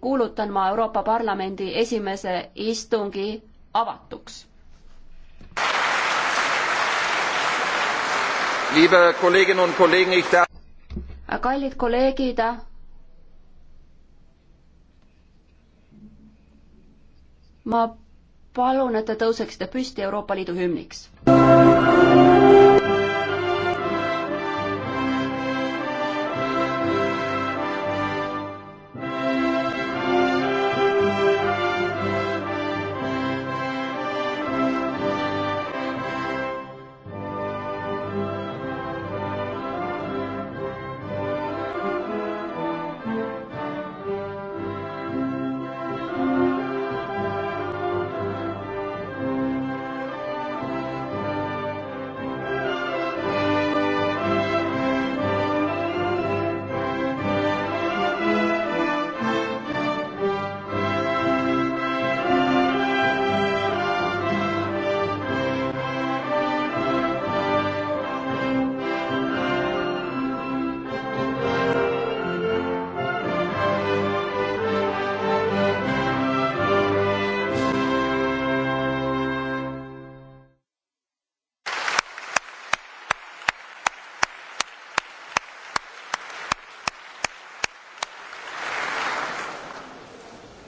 kuulutan ma Euroopa Parlamendi esimese istungi avatuks. kallid kolleegid, ma palun, et te tõuseksite püsti Euroopa Liidu hümniks.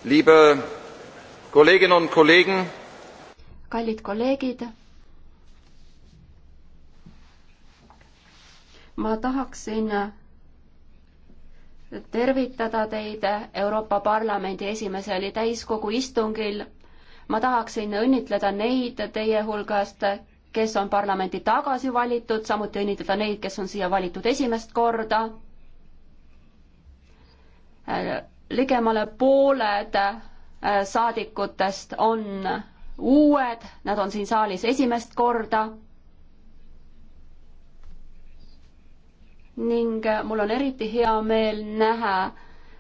liebe Kolleginnen und Kollegen, kallid kolleegid, ma tahaksin tervitada teid Euroopa Parlamendi esimesel täiskogu istungil. ma tahaksin õnnitleda neid teie hulgast, kes on parlamenti tagasi valitud, samuti õnnitleda neid, kes on siia valitud esimest korda ligemale pooled äh, saadikutest on uued, nad on siin saalis esimest korda. ning äh, mul on eriti hea meel näha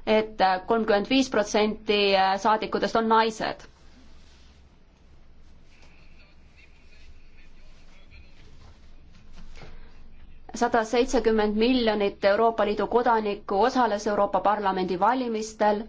et, et äh, kolmkümmend viis protsenti saadikutest on naised sada seitsekümmend miljonit Euroopa Liidu kodanikku osales Euroopa Parlamendi valimistel